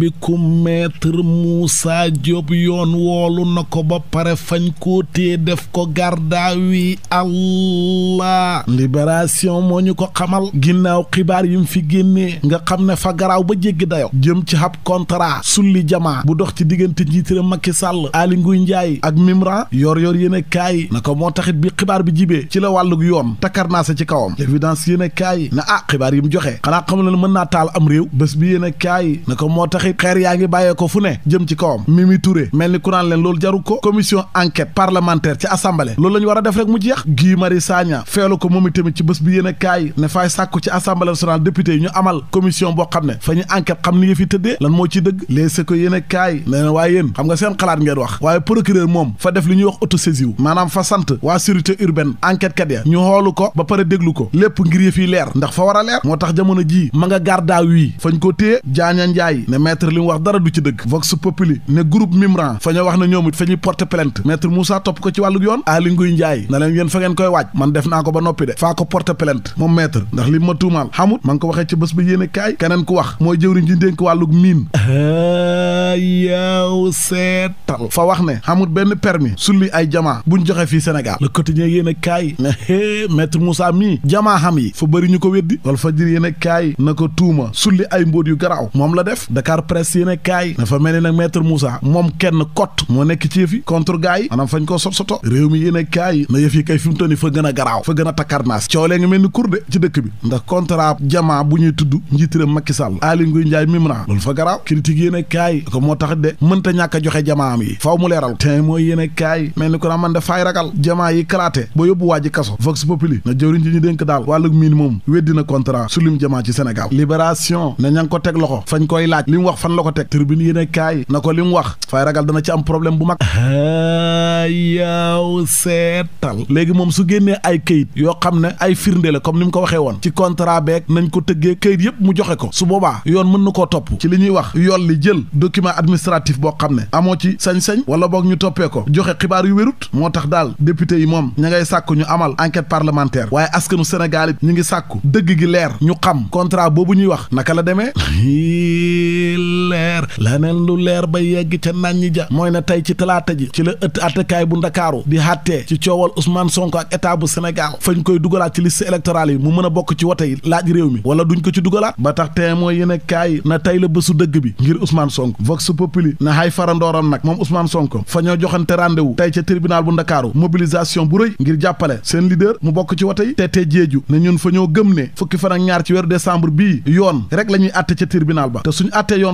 bikum maître Moussa Diop yoon woolu na ko ba pare fañ koo tee def ko garda wi allah libération moo ñu ko xamal ginnaaw xibaar yi mu fi génnee nga xam ne fa garaaw ba jéggi dayoo jëm ci ab contrat sulli jamaa bu dox ci diggante njiitëram Macky Sall Aly Ngouille Ndiaye ak Mimran yor yor yéen kaay na ko moo taxit bi xibaar bi jibee ci la wàllug yoon takkar naa sa ci kawam l'évidence yéen kaay na a ah xibaar yi mu joxe xanaa xam mën naa taal am réew bés xeer yaa ngi bàyyee ko fu ne jëm ci kawam Mimi Touré mel ni kuraan leen loolu jaru ko commission enquête parlementaire ci assemblée loolu la war a def rek mu jeex Guy Marius Sagna feelu ko moom itamit ci bés bi yéen a kaay ne faay sàkku ci assemblée nationale député yi ñu amal commission boo xam ne fa ñu enquête xam ni nga fi tëddee lan moo ci dëgg léeg sa ko a kaay nee na waaye yéen xam nga seen xalaat ngeen wax waaye procureur moom fa def li ñuy wax autosaisir ko ba pare déglu ko lépp ngir leer ndax fa war a leer moo tax jamono jii ma nga garda wii fañ ko téye jaaña maître li mu wax dara du ci dëgg vox populi ne groupe Mimran fa ñu wax na ñoom it fa ñuy porter plainte maître Moussa topp ko ci wàllu yoon Aly Ngouille Ndiaye na leen yéen fa ngeen koy waaj man def naa ko ba noppi de faa ko porter plainte moom maître ndax li ma tuumaal xamut ma ngi ko waxee ci bés ba yéene kaay keneen ku wax mooy jëwriñ ji dénk wàllu miin yaaw fa wax ne xamut benn permis sulli ay jamaa buñ joxe fii Sénégal le quotidien yéene kaay ne hee maître Moussa mii jamaa xam yi fu bëri ñu ko weddi wala fa jër yéene kaay na ko tuuma sulli ay mbóot yu garaaw moom la def presse yéen a kaay dafa mel ni nag maître Moussa moom kenn kot moo nekk ci yëf yi contre gars yi maanaam fañ koo sot soto réew mi yéen a kaay na yëf yi kay fi fa gën a garaaw fa gën a takkarnaas coolee nga mel ni kur de ci dëkk bi ndax contrat jamaa bu ñuy tudd njiitiram Macky Sall Aly Ngouille Ndiaye Mimran loolu fa garaaw critique yéen a ko moo tax de mënta ñàkk a jamaa jamaam yi faaw mu leeral te mooy yéen a mel ni ko naa man da faay ragal jamaa yi kalaate ba yóbbu waa ji kaso vox populi na jëwriñ ji ñu dénk daal wàlluk minimum weddi na contrat su lim jamaa ci Sénégal libération na ña ngi ko teg loxo fañ koy laaj li mu wax fan la ko teg tribune yéen kaay na ko li mu wax fay ragal dana ci am problème bu mag yaaw seetal léegi moom su génnee ay kayit yoo xam ne ay firnde la comme ni mu ko waxee woon ci contrat beeg nañ ko tëggee kayit yëpp mu joxe ko su boobaa yoon mën na koo topp ci li ñuy wax yoon li jël document administratif boo xam ne amoo ci sañ-sañ wala boog ñu toppee ko joxe xibaar yu wérut moo tax daal député yi moom ña ngay sàkku ñu amal enquête parlementaire waaye askanu Sénégal ñu ngi sàkku dëgg gi leer ñu xam contrat boobu ñuy wax naka la demee leer laneen lu leer ba yegg ca nàññi ja mooy na tey ci talaata ji ci la ëtt attekaay bu ndakaaru di hàttee ci coowal Ousmane Sonko ak état bu Sénégal fañ koy dugalaat ci liste électorale yi mu mën a bokk ci wote yi laaj réew mi wala duñ ko ci dugalaat ba tax te mooy yéen a kaay na tey la bésu dëgg bi ngir Ousmane Sonko vox populi na xay farandooram nag moom Ousmane Sonko fa ñoo joxante rendez-vous tey ca tribunal bu ndakaaru mobilisation bu rëy ngir jàppale seen leader mu bokk ci wote yi te te jeeju ne ñun fa ñoo gëm ne fukki fan ak ñaar ci weeru décembre bii yoon rek la ñuy atte ca tribunal ba te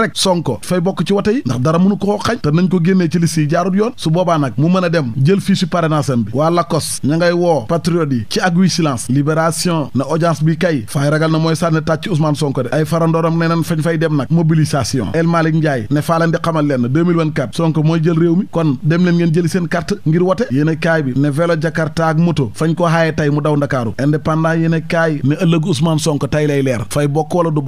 rek Sonko fay bokk ci wote yi ndax dara mënu koo xañ te nañ ko génnee ci liste jaarut yoon su boobaa nag mu mën a dem jël fiche parrainage bi waa Lakos ña ngay woo patriote yi ci ak vigilance libération na audience bi kay faay ragal na mooy sànni tàcc Ousmane Sonko de ay farandoram ne fañ fay dem nag mobilisation El Malick Ndiaye ne faa leen di xamal leen 2024 Sonko mooy jël réew mi kon dem leen ngeen jëli seen carte ngir wote yéen kaay bi tey mu daw Ndakaaru indépendant yéen kaay ne ëllëgu Ousmane Sonko tey lay leer fay bokk wala du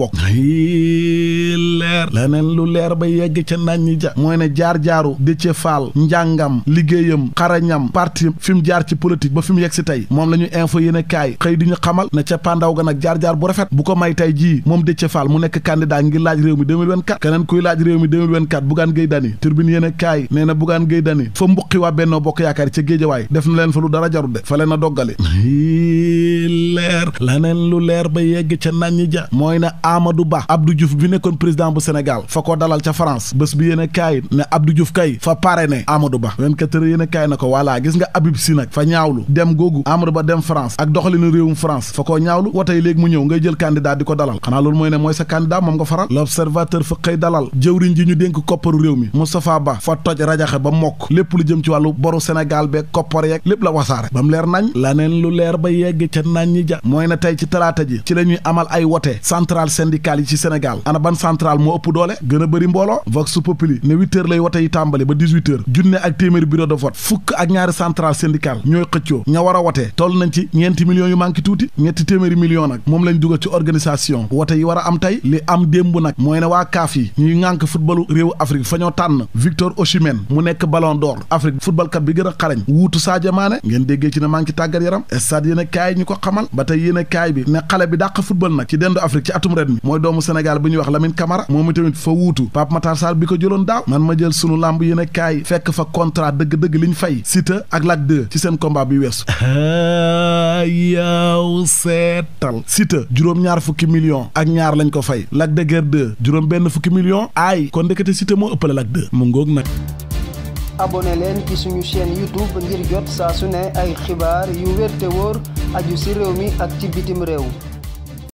leneen lu leer ba yegg ca naan ñi ja mooy jaar-jaaru Déthié Fall njàngam liggéeyam xarañam parti fi mu jaar ci politique ba fi mu yegg si tey moom la ñu info yéene kaay xëy di ñu xamal ne ca pàndaw ga jaar-jaar bu rafet bu ko may tey jii moom Déthié mu nekk candidat ngir laaj réew laaj réew mi 2024 Bougane Gueye Dany turbine yéene kaay nee na Bougane Gueye Dany fa mbuqi waa Benno Bokk Yaakaar ca Géejawaay def na lu leer ba yegg ca naan ñi ja mooy ne Amadou Ba Abdou Diouf bi nekkoon président bu senegal Sénégal fa ko dalal ca France bés bi yéen a kaay ne Abdou Diouf kay fa parrainé Amadou Ba 24 heures yéen a kaay na ko voilà gis nga Habib Sy nag fa ñaawlu dem googu Amadou Ba dem France ak doxalinu réewum France fa koo ñaawlu watey léegi mu ñëw ngay jël candidat di ko dalal xanaa loolu mooy ne mooy sa candidat moom nga faral l'observateur fa dalal jëwriñ ji ñu dénk kopparu réew mi Moustapha Ba fa toj rajaxe ba mokk lépp lu jëm ci wàllu boru Sénégal beeg la wasaare ba mu leer nañ laneen ba yegg ca nañ ñi ja mooy ne tey ci la ñuy amal ay wote centrale syndicale yi ci Sénégal ana ban doole gën a bëri mbooloo vox ne huit wote yi tàmbali ba dix huit junne ak téeméeri bureau de vote fukk ak ñaari central syndical ñooy xëccoo ña war a wote toll nañ ci ñeenti millions yu manqué tuuti ñetti téeméeri millions nag moom lañ dugal ci organisation wote yi war a am tey li am démb nag mooy ne waa kaaf yi ñuy ŋànk footballu réewu Afrique fa tànn Victor Osimhen mu nekk ballon d'or Afrique footballkat bi gën a wuutu Sadio Mané tamit fa wuutu Pape Matar Sarr bi ko jëloon daaw man ma jël sunu lamb yi ne kaay fekk fa contrat dëgg-dëgg liñ fay Siteu ak Lac 2 ci seen combat bi weesu ah, yaw juróom-ñaar fukki million ak ñaar lañ ko fay Lac de Guiers fukki million aay kon ndekete Siteu moo ëppale Lac 2 mu ngoog nag abonné ci suñu chaîne youtube ngir jot saa su ne ay xibaar yu wér wóor aju ci réew mi ak ci bitim réew